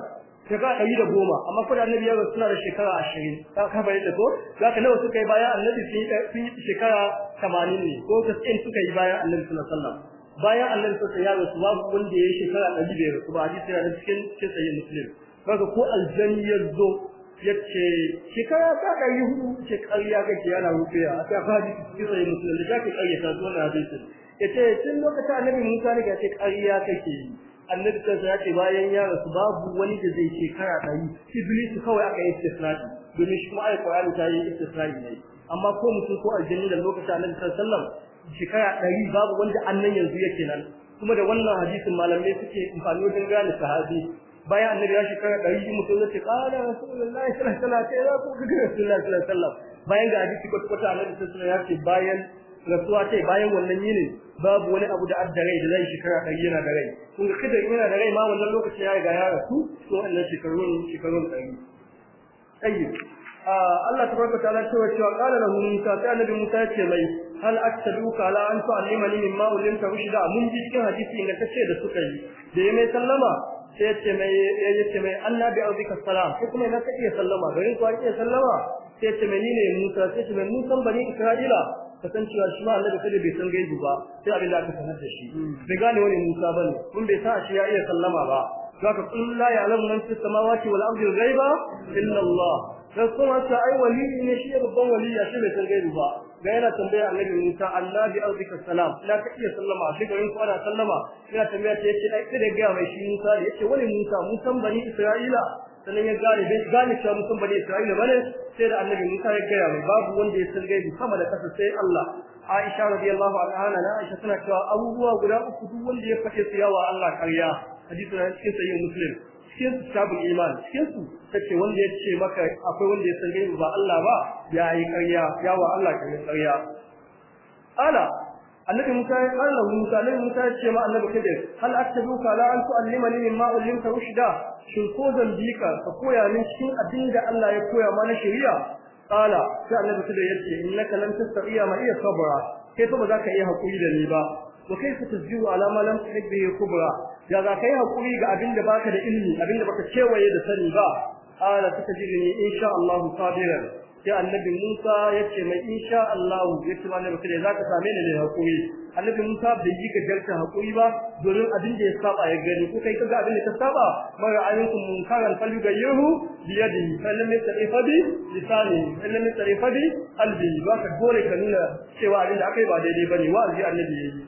ta ka dari da goma amma kuda na biyar rasu suna da shekara ashirin ta ka bayar da ko za ka nawa suka yi bayan annabi sun yi shekara tamanin ne ko ta tasirin suka yi bayan annabi suna sallam wasallam bayan annabi sallallahu alaihi wasallam babu wanda ya yi shekara ɗari da ya rasu ba hadisi da cikin cikin sayyid muslim kaga ko aljanni ya zo yace shekara ta da yuhu ya kake yana rufe a ta fadi cikin sayyid muslim da ka ta zo na hadisin yace tun lokacin annabi Musa ne yace ƙarya kake yi annabi kansa ya ce bayan ya rasu babu wani da zai shekara ɗari iblis kawai aka yi istisnadi domin shi kuma alƙur'ani ta yi istisnadi ne amma ko mutum ko aljanni da lokacin annabi sallallahu alaihi wasallam shekara ɗari babu wanda annan yanzu yake nan kuma da wannan hadisin malamai suke amfani wajen gane sahabi bayan annabi ya shekara ɗari shi mutum zai ce ƙara rasulullahi sallallahu alaihi wasallam ko kaga rasulullahi sallallahu alaihi wasallam bayan ga hadisi kwata-kwata annabi sallallahu alaihi wasallam ya ce bayan rasuwa ce bayan wannan yini babu wani abu da addare da zai shekara ɗari yana da rai kun ga kada yana da rai ma wannan lokacin ya riga ya rasu to wannan shekarun shekarun ɗari tayyib Allah tabaraka ta'ala cewa cewa qala lahu Musa ta annabi Musa ce mai hal aktaduka ala an tu'allimani mimma ulimta rushda mun ji cikin hadisi ingantacce da suka yi da ya mai sallama sai yace mai yace mai Allah bi auzika salam ko kuma na ta iya sallama garin ku iya sallama sai yace mai ne Musa sai yace mai Musa bani Isra'ila kasancewa shi ma Allah da sai bai san gaibu ba sai abin da aka sanar da shi bai gane wani Musa bane kun bai sa shi ya iya sallama ba zaka kullu ya alamu man fi samawati wal ardi ghaiba illa Allah sai kuma ta ai wali ne shi babban wali ya shi bai san gaibu ba ga yana tambaya annabi Musa Allah bi arzika salam la ka iya sallama shi ga yin kwana sallama yana tambaya ta yace ai kada ga mai shi Musa yace wani Musa Musa bani Isra'ila sannan ya gane bai gane cewa mutum bane Isra'ila bane sai da annabi Musa ya gaya mai babu wanda ya san gaibi sama da kasa sai Allah Aisha radiyallahu anha na Aisha tana cewa abubuwa guda uku duk wanda ya fake su yawa Allah karya hadisi na cikin sahih Muslim cikin kitabul iman cikin su tace wanda ya ce maka akwai wanda ya san gaibi ba Allah ba ya yi karya yawa Allah ya karya ala annabi Musa ya kalla Musa annabi Musa ya ce ma annabi Khidir hal aktabuka la an tu'allimani mimma ullimta rushda shin ko zan bika ka koya min cikin abin da Allah ya koya mana shari'a qala sai annabi Khidir ya ce innaka lan tastati'a ma iya sabra kai fa za ka iya hakuri da ni ba wa kaifa tasbihu ala ma lam tuhib kubra ya za kai hakuri ga abin da baka da ilimi abin da baka cewaye da sani ba qala tatajini insha Allah sabiran sai annabi Musa ya ce mai insha Allah ya ce wani mutum za ka same ni ne hakuri annabi Musa bai yi ka garta hakuri ba domin abin da ya saba ya gani ko kai kaga abin da ka saba mara ayyukum munkaran falyughayyirhu bi yadihi falam yastarifa bi lisani falam yastarifa bi qalbi ba ka dole ka nuna cewa abin da akai ba daidai bane wa'azi annabi yayi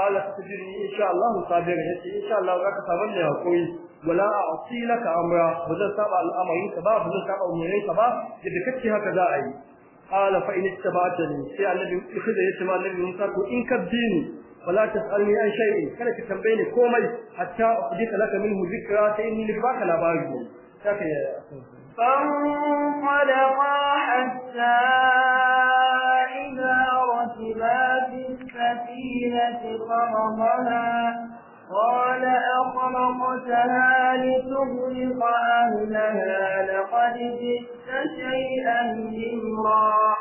Allah ta jiri insha Allah sabirin yace insha Allah za ka samu ni hakuri ولا أعطي لك أمرا فذل تبع الأمر يتبع فذل تبع أمر يتبع يبقى كتها كذائي قال فإن اتبعتني سيع النبي يخذ يتبع النبي موسى إن كبديني ولا تسألني عن شيء كان تتنبيني كومي حتى أحدث لك منه ذكرى فإني لكباك لا بارجو شكرا فانطلقا حتى إذا رتبا في السفينة فرمها قال أخرقتها لتغرق أهلها لقد جئت شيئا إمرا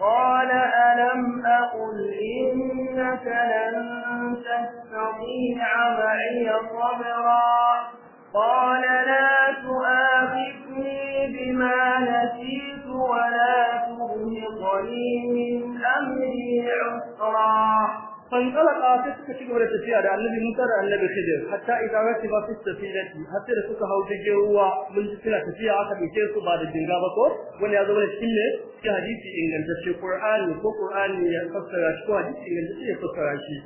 قال ألم أقل إنك لن تستطيع معي صبرا قال لا تؤاخذني بما نسيت ولا تغرقني من أمري عسرا fanqalaqa sai suka ci gaba da tafiya da annabi Musa da annabi Khidir hatta idan wasi ba su safilati hatta da suka hau jirgin ruwa mun ji suna tafiya aka dace su ba da jinga ba ko wani ya zama cikin ne cikin hadisi ingantacce Qur'ani ko Qur'ani ya fassara shi ko hadisi shi ya fassara shi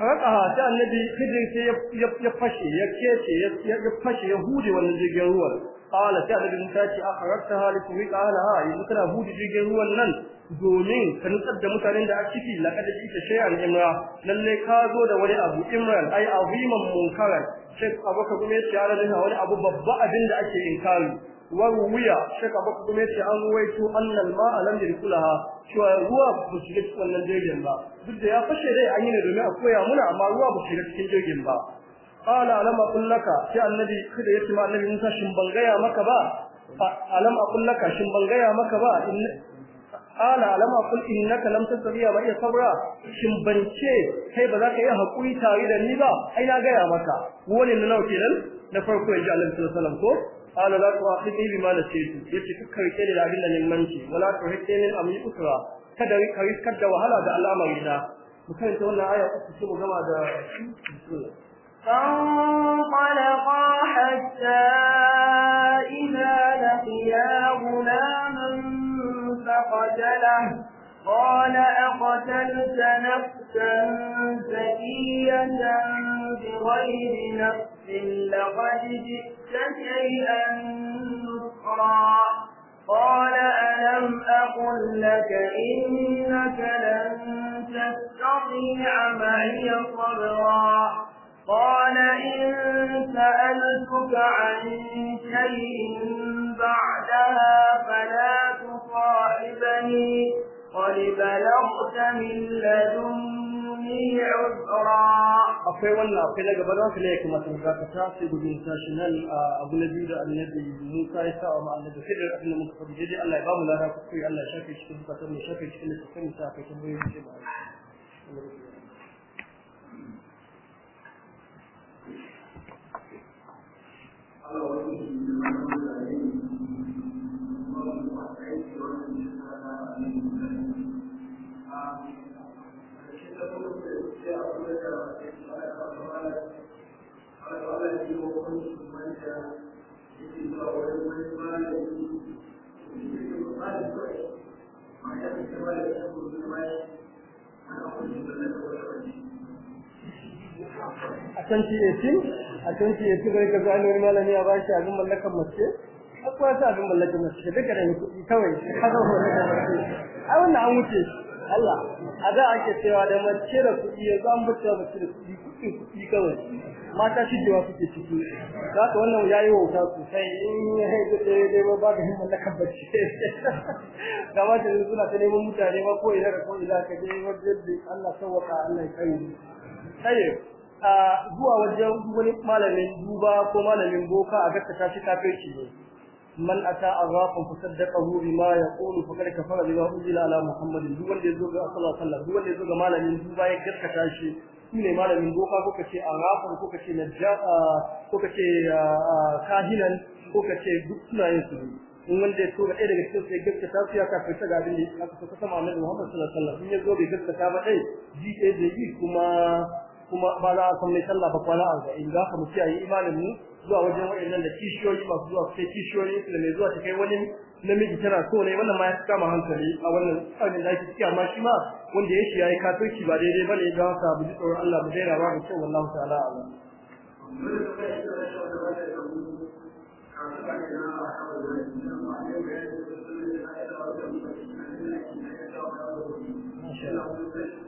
farqaha ta annabi Khidir sai ya fashe ya kece ya fashe ya hude wannan jirgin ruwa qala sai da Musa ce akhrajtaha li tuwiqa ahliha yanzu kana buɗe jirgin ruwan nan domin ka nutsar da mutanen da a ciki laqad jita shay'an imra lalle ka zo da wani abu imran ai aziman munkaran shek abaka kuma yace ana nuna wani abu babba abin da ake inkari waruwiya shek abaka kuma ce an ruwaito annal ma'a lam yadkhulaha cewa ruwa ba su cikin wannan jirgin ba duk da ya fashe dai an yi ne domin a koya muna amma ruwa ba su cikin jirgin ba qala alam aqul laka sai annabi kada yace ma annabi Musa shin ban gaya maka ba alam aqul laka shin ban gaya maka ba qala alam aqul innaka lam tasbiya ba ya sabra kai ba za ka iya hakuri tare da ni ba ai na gaya maka wani na nauke nan na farko ya ji Allah sallallahu alaihi wasallam ko قال لا تؤاخذني بما نسيت yace kakka rike da abin da nimanci wala tuhidni min amri ukra kada ka riskar da wahala da al'amari da mutum ta wannan aya mu gama da فانطلقا حتى إذا لقيا غلاما فقتله قال أقتلت نفسا زكية بغير نفس لقد جئت شيئا نكرا قال ألم أقل لك إنك لن تستطيع معي صبرا قال إن سألتك عن شيء بعدها فلا تصاحبني قد بلغت من لدني عذرا akwai wannan akwai daga bada wasu ne kuma sun ka ta sai gudun tashi nan abu na biyu da annabi Musa ya sa wa annabi sai da abin da muka faɗi dai Allah ya ba mu lada kuskure Allah ya shafe cikin fatan mu shafe cikin fatan mu sa kai tambayoyi ce ba 2018 a can ce su gari ka zani wani malami a bashi abin mallakan mace akwai wasu abin mallakan mace duka da kuɗi kawai haka ko da mace a wannan an wuce Allah a da ake cewa da mace da kuɗi ya zan buta mace da kuɗi kuɗi kuɗi kawai mata shi cewa suke ciki za ka wannan yi wauta sosai in ya haifi dai dai ba ba da mallakan mace da mace da suna ta neman mutane ba ko ina da ko ina ka je wajen Allah sauwaka Allah ya kai tayyib zuwa wajen wani malamin duba ko malamin boka a gaskata shi kafirci ne man ata azafan fasaddaqahu bima yaqulu faqad kafara bima unzila ala muhammadin duk wanda yazo ga sallallahu alaihi wasallam duk wanda yazo ga malamin duba ya gaskata shi ne malamin boka ko kace azafun ko kace najja ko kace kahinan ko kace duk sunayen su in wanda ya ga ɗaya daga cikin ya gaskata su ya kafirta ga abin da aka saka sama annabi Muhammad sallallahu alaihi wasallam in yazo bai gaskata ba dai ji ɗaya yi kuma kuma ba za a san mai sallah ba kwana arba'in za ka mu kiyaye imanin mu zuwa wajen wa'annan da kishiyoyi ba zuwa sai kishiyoyi su da mai zuwa ta kai wani namiji tana so ne wannan ma ya kama hankali a wannan tsarin da ake ciki amma shi ma wanda ya shi ya yi katoci ba daidai bane ga sa bi tsoron Allah mu daina ba mu ce wallahi ta'ala Allah. Thank you.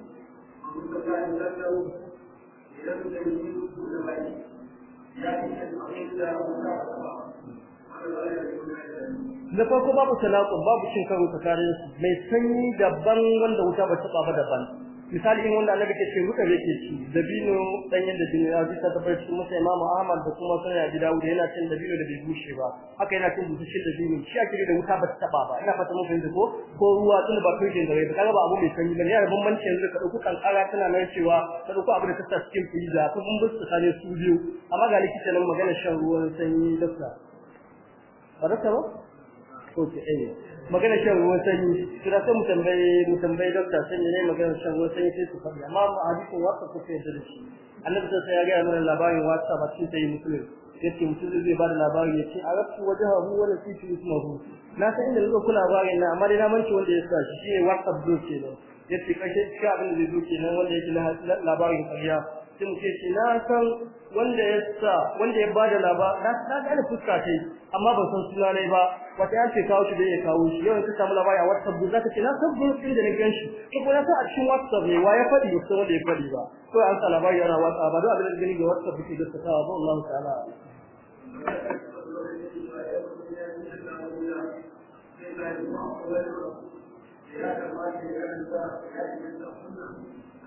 na farko babu talaƙun babu cin karo tsakanin mai sanyi daban wanda wuta ba taba ba daban misali in wanda annabi ke ce ruka yake ci dabino danyen da dinu ya bisa tabbar cikin masa imamu ahmad da kuma ya gida dawud yana cin dabino da bai bushe ba haka yana cin da dabino shi ake da wuta ba ta taba ba ina fata mun fahimta ko ko ruwa tun ba tushen da rai ba kaga ba abu mai sanyi ba ne yana bambanci yanzu ka dauko kankara tana nan cewa ka dauko abu da ta cikin freezer ka mun bus tsakani su biyu amma ga likita nan magana shan ruwan sanyi dokta ba ta ba ko ke magana shan ruwan sanyi kira sai mu tambaye mu tambaye dokta sai ne magana shan ruwan sanyi sai su faɗi amma mu hadisin wasa ko sai da shi annabi sai ya ga mana labarin wasa a cikin sai musulmi yace mutum zai bada labari yace arafu wajhahu wa nasitu ismuhu na san inda zo kula labarin na amma dai na ci wanda ya sa shi ne wasa do kenan yace kashe shi abin da zai do nan wanda yake labarin ƙarya sai mu ce na san wanda ya sa wanda ya bada laba na san da fuska ce amma ban san suna ne ba wata ya ce kawo shi da ya kawo shi yau ka samu labari a WhatsApp group zaka ce na san group din da nake shi ko kuma na san a cikin WhatsApp ne wa ya fadi ko sai wanda ya fadi ba to an sa labari yana WhatsApp ba duk abin da gani ga WhatsApp ke da sakawa ba Allah ta'ala ya kamata ya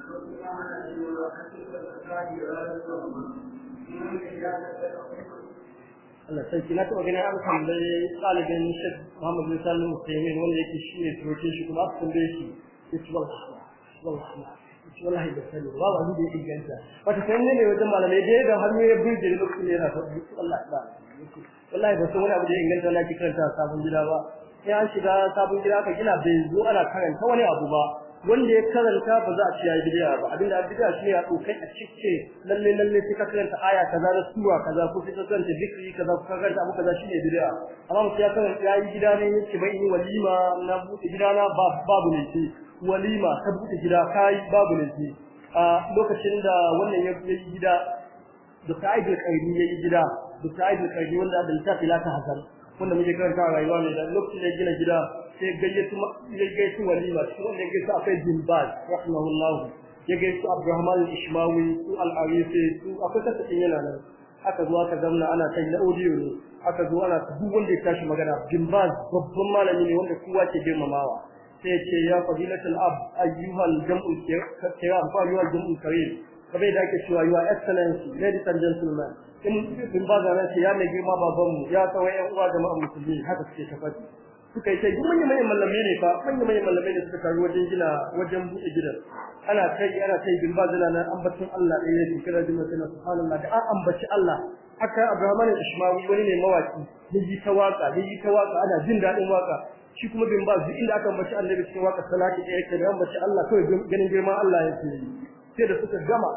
Allah sarki na taɓa ganin an tambaye ɗalibin Sheikh Muhammad bin Salim Muhammad wanda yake shi ne turoke shi kuma aka tambaye shi ya ci wal ahma wal ahma wallahi da sani ba ba da yake ganta wata sai ne ne wajen malamai da da hannu ya bi da duk ne yana so Allah ya wallahi ba san wani abu da inganta na ki karanta sabon gida ba sai an shiga sabon gida ka gina bai zo ana karanta wani abu ba wanda ya karanta ba za a ci bid'a ba abinda bid'a shi ya dokai a cike lalle lalle sai ka karanta aya kaza da suwa kaza ko sai ka karanta zikri kaza ko ka karanta abu kaza shi ne bid'a amma mutum ya karanta ya yi gida ne yake bai yi walima na buɗe gida na babu ne shi walima ta buɗe gida kai babu ne shi a lokacin da wannan ya yi gida da sa'id al-qaidi ya yi gida da sa'id al-qaidi wanda da littafi la ta hazal wanda muke karanta a rayuwa mai da lokacin da gina gida sai gayyato ya gayyato walima shi wanda ya gayyato akwai Jimbaz rahimahullah ya gayyato Abdurrahman al-Ishmawi su al-Arifi su akwai kasafin yana nan aka zo aka zamna ana kai na audio ne aka zo ana duk wanda ya tashi magana Jimbaz babban malami ne wanda kowa ke girmamawa sai ce ya fadilatul ab ayyuhal jam'ul kiram fa ayyuhal jam'ul karim kabe da ake cewa your excellency ladies and gentlemen in sun ba zara ya mai girma baban mu ya tsawon yan uwa jama'a musulmi haka suke tafati suka yi sai manyan manyan mallamai ne fa manyan manyan mallamai ne suka taru wajen gina wajen buɗe gidan ana kai ana kai bin ba zala nan ambaton Allah ɗaya ne kira jima na subhanallah da an ambaci Allah haka Abraham ne Ishmawi wani ne mawaki yi ta waka yi ta waka ana jin daɗin waka shi kuma bin ba inda aka ambaci annabi cikin waka salati ɗaya ke da ambaci Allah kawai ganin girman Allah yake yi sai da suka gama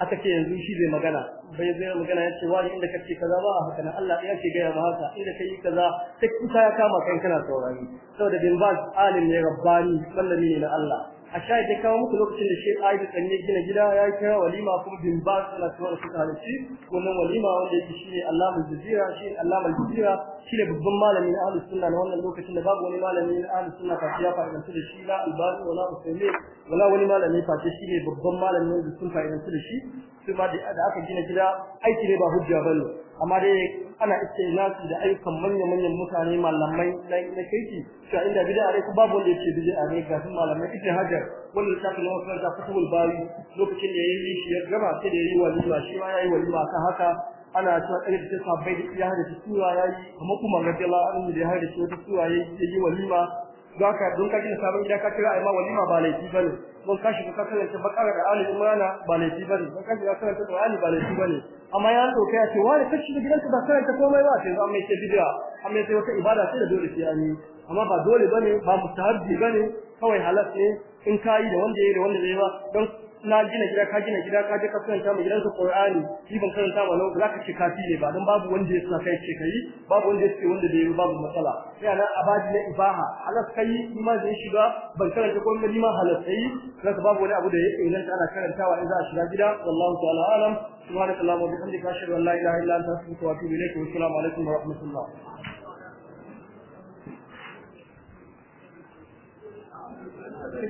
aka ce yanzu shi zai magana bai zai magana ya ce wani inda kace kaza ba haka Allah ya ke gaya ma haka inda yi kaza sai kuka ya kama kai kana saurari saboda bin ba alim ne rabbani mallami ne na Allah a sha ya kawo muku lokacin da Sheikh kan Tsanne gina gida ya kira walima kuma bin ba su na tuwar su halarci wannan walima wanda yake ne Allahu Jazira shi ne Allahu Jazira shi ne babban malami na Ahlus Sunna na wannan lokacin da babu wani malami na Ahlus Sunna fa ya fara da shi la Albani wala Usaimi wala wani malami fa shi ne babban malami da sun fara da shi su ma da aka gina gida aiki ne ba hujja bane amma dai ana istilasi da ayyukan manyan manyan mutane malamai na na kirki to inda bid'a dai babu wanda yake bid'a ne ga su malamai ibn hajar wannan ta kuma wannan ta kuma bari lokacin da yayi shi ya gaba sai da yayi walima shi ma yayi walima ka haka ana cewa ɗaya da ta bai da ya hada sura yayi kuma kuma ga an yi da ya hada sura yayi yayi walima don ka don ka gina sabon gida ka kira ai ma walima ba laifi bane don ka shiga ka karanta bakara da ali imana ba laifi bane don ka kasance ka karanta ba laifi bane amma ya doka ya ce wani kashi da gidanka ba ta komai ba sai an mai ce bid'a Amma sai wata ibada sai da dole sai an yi amma ba dole bane ba mutahaddi bane kawai halas ne in kai da wanda yayi da wanda bai ba don na gina gida ka gina gida ka je ka karanta mu gidanka Qur'ani shi ban karanta ba lau zaka ce kafi ne ba dan babu wanda ya sa kai ce kai babu wanda ya ce wanda bai babu matsala sai anan abadi na ibaha halas kai ni ma zai shiga ban karanta ko ni ma halas kai zaka babu wani abu da ya inganta ana karantawa in za a shiga gida wallahu ta'ala alam subhanaka allahumma wa bihamdika ashhadu an la ilaha illa anta astaghfiruka wa atubu ilayk wa assalamu alaikum wa rahmatullah